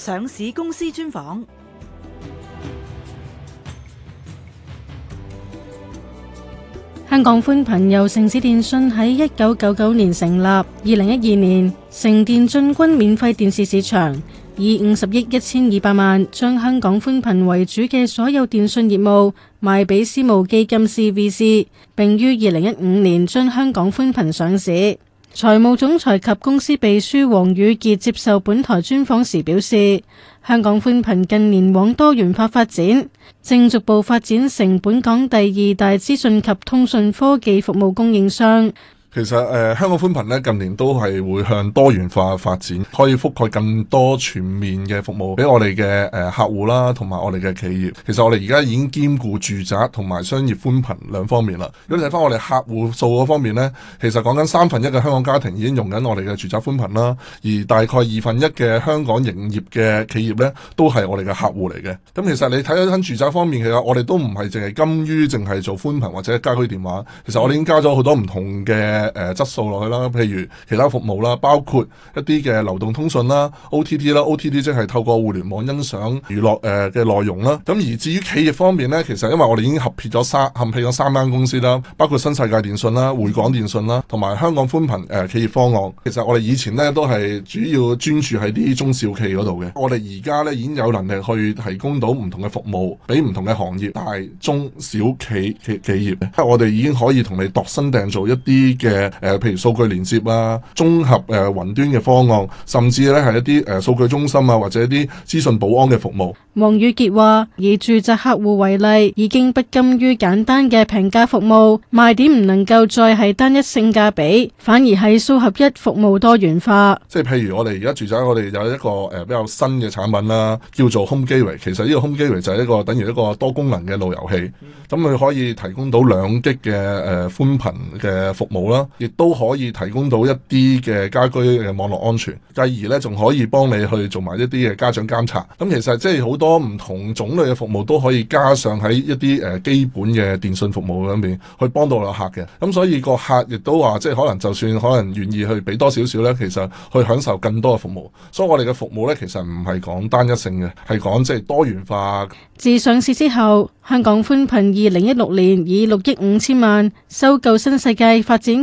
上市公司專訪。香港寬頻由城市電訊喺一九九九年成立，二零一二年城電進軍免費電視市場，以五十億一千二百萬將香港寬頻為主嘅所有電訊業務賣俾私募基金 CVC，並於二零一五年將香港寬頻上市。財務總裁及公司秘書黃宇杰接受本台專訪時表示，香港寬頻近年往多元化發展，正逐步發展成本港第二大資訊及通訊科技服務供應商。其實誒、呃，香港寬頻咧，近年都係會向多元化發展，可以覆蓋更多全面嘅服務，俾我哋嘅、誒客戶啦，同埋我哋嘅企業。其實我哋而家已經兼顧住宅同埋商業寬頻兩方面啦。如果你睇翻我哋客戶數嗰方面呢，其實講緊三分一嘅香港家庭已經用緊我哋嘅住宅寬頻啦，而大概二分一嘅香港營業嘅企業呢，都係我哋嘅客戶嚟嘅。咁其實你睇翻住宅方面，其實我哋都唔係淨係甘於淨係做寬頻或者家居電話。其實我哋已經加咗好多唔同嘅。誒誒、呃，質素落去啦，譬如其他服務啦，包括一啲嘅流動通訊啦、OTT 啦、OTT 即係透過互聯網欣賞娛樂誒嘅、呃、內容啦。咁而至於企業方面呢，其實因為我哋已經合併咗三合併咗三間公司啦，包括新世界電信啦、匯港電信啦，同埋香港寬頻誒、呃、企業方案。其實我哋以前呢都係主要專注喺啲中小企嗰度嘅，我哋而家呢已經有能力去提供到唔同嘅服務，俾唔同嘅行業、大中小企企企、企業咧，我哋已經可以同你度身訂做一啲嘅。嘅誒，譬如數據連接啊、綜合誒雲端嘅方案，甚至咧係一啲誒數據中心啊，或者一啲資訊保安嘅服務。黃宇傑話：以住宅客戶為例，已經不甘於簡單嘅平價服務，賣點唔能夠再係單一性價比，反而係數合一服務多元化。即係譬如我哋而家住宅，我哋有一個誒比較新嘅產品啦，叫做 home gateway。其實呢個 home gateway 就係一個等於一個多功能嘅路由器，咁佢可以提供到兩 G 嘅誒寬頻嘅服務啦。亦都可以提供到一啲嘅家居嘅網絡安全，繼而咧仲可以幫你去做埋一啲嘅家長監察。咁其實即係好多唔同種類嘅服務都可以加上喺一啲誒基本嘅電信服務裏面，去幫到我客嘅。咁所以個客亦都話，即係可能就算可能願意去俾多少少咧，其實去享受更多嘅服務。所以我哋嘅服務咧，其實唔係講單一性嘅，係講即係多元化。自上市之後，香港寬頻二零一六年以六億五千萬收購新世界發展，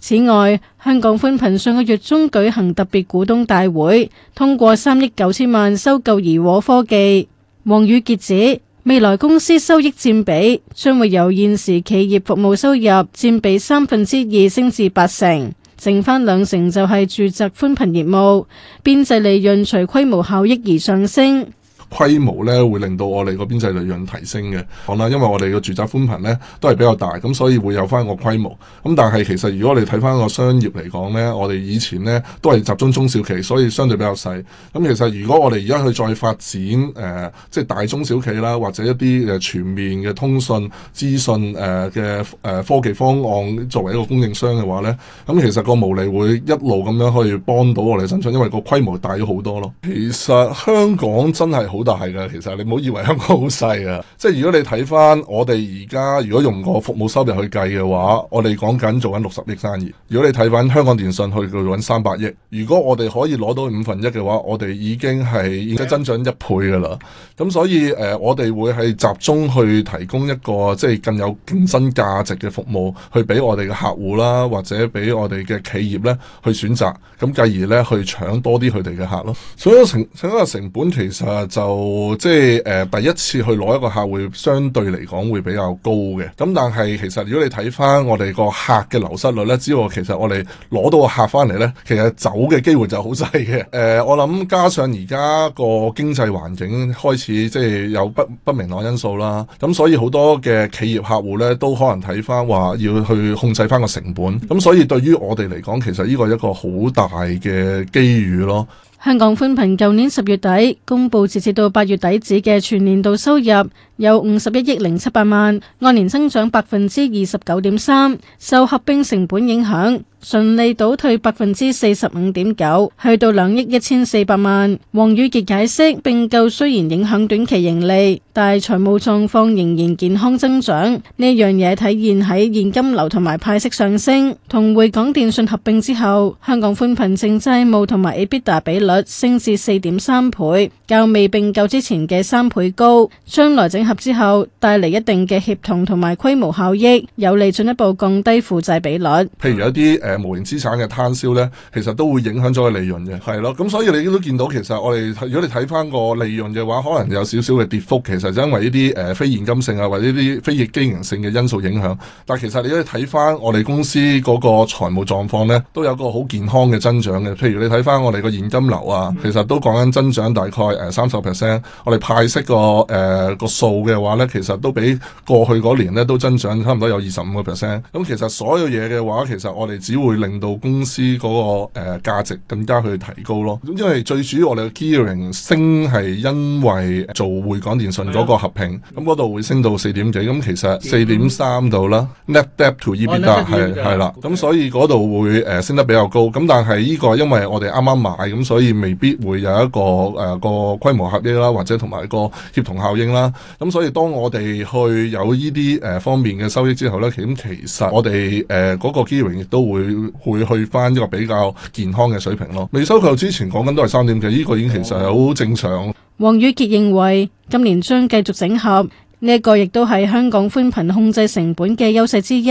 此外，香港寬頻上個月中舉行特別股東大會，通過三億九千萬收購怡和科技。黃宇傑指，未來公司收益佔比將會由現時企業服務收入佔比三分之二升至八成，剩翻兩成就係住宅寬頻業務，邊際利潤隨規模效益而上升。規模咧會令到我哋個邊際利潤提升嘅，好啦，因為我哋嘅住宅寬頻咧都係比較大，咁所以會有翻個規模。咁但係其實如果你睇翻個商業嚟講咧，我哋以前咧都係集中中小企，所以相對比較細。咁其實如果我哋而家去再發展誒，即係、呃、就是、大中小企啦，或者一啲誒全面嘅通訊資訊誒嘅誒科技方案作為一個供應商嘅話咧，咁其實個毛利會一路咁樣可以幫到我哋嘅增長，因為個規模大咗好多咯。其實香港真係好，好大嘅，其實你唔好以為香港好細啊！即係如果你睇翻我哋而家，如果用個服務收入去計嘅話，我哋講緊做緊六十億生意。如果你睇翻香港電信去到搵三百億，如果我哋可以攞到五分一嘅話，我哋已經係應該增長一倍噶啦。咁所以誒、呃，我哋會係集中去提供一個即係、就是、更有競爭價值嘅服務，去俾我哋嘅客戶啦，或者俾我哋嘅企業咧去選擇，咁繼而咧去搶多啲佢哋嘅客咯。所以成整個成本其實就就即係誒、呃，第一次去攞一個客戶會，相對嚟講會比較高嘅。咁但係其實如果你睇翻我哋個客嘅流失率呢，只要，其實我哋攞到個客翻嚟呢，其實走嘅機會就好細嘅。誒、呃，我諗加上而家個經濟環境開始即係有不不明朗因素啦，咁所以好多嘅企業客戶呢，都可能睇翻話要去控制翻個成本。咁所以對於我哋嚟講，其實呢個係一個好大嘅機遇咯。香港寬頻舊年十月底公布截至到八月底止嘅全年度收入有五十一億零七百萬，按年增長百分之二十九點三，受合併成本影響。順利倒退百分之四十五點九，去到兩億一千四百萬。黃宇傑解釋，並購雖然影響短期盈利，但係財務狀況仍然健康增長。呢一樣嘢體現喺現金流同埋派息上升。同匯港電訊合併之後，香港寬頻淨債務同埋 EBITDA 比率升至四點三倍。較未併購之前嘅三倍高，將來整合之後帶嚟一定嘅協同同埋規模效益，有利進一步降低負債比率。譬如有啲誒無形資產嘅攤銷咧，其實都會影響咗個利潤嘅，係咯。咁所以你都見到，其實我哋如果你睇翻個利潤嘅話，可能有少少嘅跌幅，其實就因為呢啲誒非現金性啊，或者啲非易經營性嘅因素影響。但其實你都睇翻我哋公司嗰個財務狀況咧，都有個好健康嘅增長嘅。譬如你睇翻我哋個現金流啊，嗯、其實都講緊增長，大概誒三十 percent，我哋派息個誒、呃、個數嘅話咧，其實都比過去嗰年咧都增長差唔多有二十五個 percent。咁其實所有嘢嘅話，其實我哋只會令到公司嗰、嗰個誒、呃、價值更加去提高咯。因為最主要我哋嘅 gearing 升係因為做匯港電訊嗰個合併，咁嗰度會升到四點幾。咁其實四點三度啦，net debt to EBITDA 係係啦。咁、e、bit 所以嗰度會、呃、升得比較高。咁但係呢個因為我哋啱啱買，咁所以未必會有一個誒、呃、個。個規模合益啦，或者同埋個協同效應啦，咁所以當我哋去有呢啲誒方面嘅收益之後呢，咁其實我哋誒嗰個 gearing 亦都會會去翻一個比較健康嘅水平咯。未收購之前講緊都係三點幾，呢個已經其實係好正常。黃宇傑認為今年將繼續整合呢一個，亦都係香港寬頻控制成本嘅優勢之一，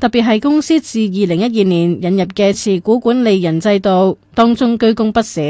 特別係公司自二零一二年引入嘅持股管理人制度當中居功不少。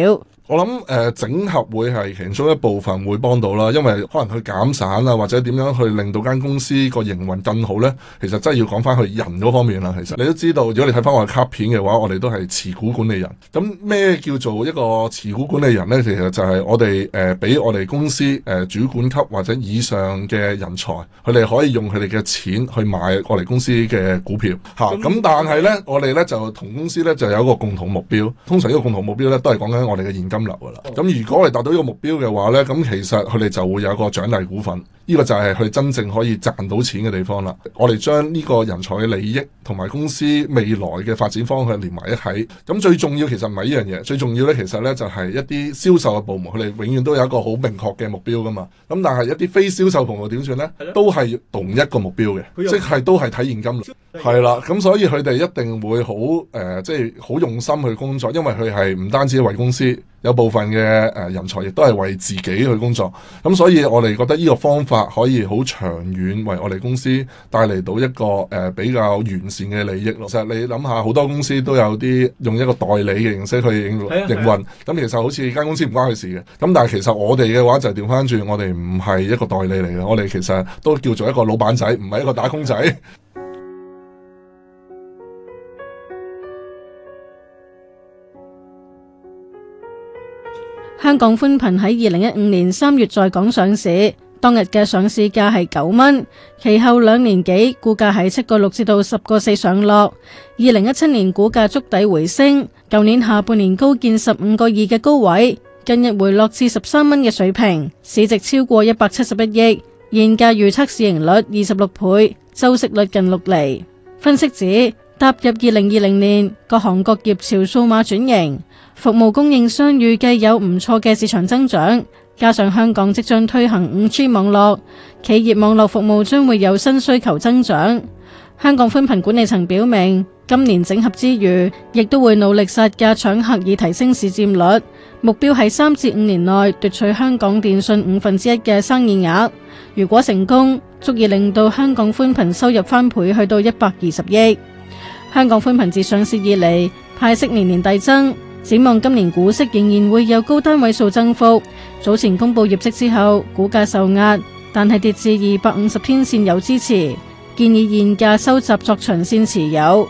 我諗誒、呃、整合會係其中一部分會幫到啦，因為可能去減散啊，或者點樣去令到間公司個營運更好呢？其實真係要講翻去人嗰方面啦。其實你都知道，如果你睇翻我嘅卡片嘅話，我哋都係持股管理人。咁咩叫做一個持股管理人呢？其實就係我哋誒俾我哋公司誒、呃、主管級或者以上嘅人才，佢哋可以用佢哋嘅錢去買我哋公司嘅股票吓。咁、嗯啊、但係呢，我哋呢就同公司呢就有一個共同目標。通常呢個共同目標呢都係講緊我哋嘅現金流噶啦，咁如果我哋達到呢個目標嘅話呢，咁其實佢哋就會有一個獎勵股份，呢個就係佢真正可以賺到錢嘅地方啦。我哋將呢個人才嘅利益同埋公司未來嘅發展方向連埋一齊，咁最重要其實唔係呢樣嘢，最重要呢其實呢就係一啲銷售嘅部門，佢哋永遠都有一個好明確嘅目標噶嘛。咁但係一啲非銷售部門點算呢？都係同一個目標嘅，是的即係都係睇現金流。係啦，咁所以佢哋一定會好誒，即係好用心去工作，因為佢係唔單止為公司。有部分嘅人才亦都係為自己去工作，咁所以我哋覺得呢個方法可以好長遠為我哋公司帶嚟到一個比較完善嘅利益咯。其實你諗下，好多公司都有啲用一個代理嘅形式去營運，咁、啊啊、其實好似間公司唔關佢事嘅。咁但係其實我哋嘅話就調翻轉，我哋唔係一個代理嚟嘅，我哋其實都叫做一個老闆仔，唔係一個打工仔。香港寬頻喺二零一五年三月在港上市，當日嘅上市價係九蚊，其後兩年幾股價喺七個六至到十個四上落。二零一七年股價觸底回升，舊年下半年高見十五個二嘅高位，近日回落至十三蚊嘅水平，市值超過一百七十一億，現價預測市盈率二十六倍，週息率近六厘。分析指，踏入二零二零年，各行各業朝數碼轉型，服務供應商預計有唔錯嘅市場增長。加上香港即將推行五 G 網絡，企業網絡服務將會有新需求增長。香港寬頻管理層表明，今年整合之餘，亦都會努力殺價搶客，以提升市佔率。目標係三至五年內奪取香港電訊五分之一嘅生意額。如果成功，足以令到香港寬頻收入翻倍，去到一百二十億。香港寬頻自上市以嚟派息年年遞增，展望今年股息仍然會有高單位數增幅。早前公布業績之後，股價受壓，但係跌至二百五十天線有支持，建議現價收集作長線持有。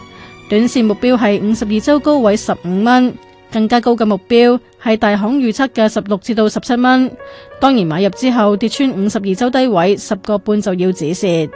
短線目標係五十二周高位十五蚊，更加高嘅目標係大行預測嘅十六至到十七蚊。當然買入之後跌穿五十二周低位十個半就要止蝕。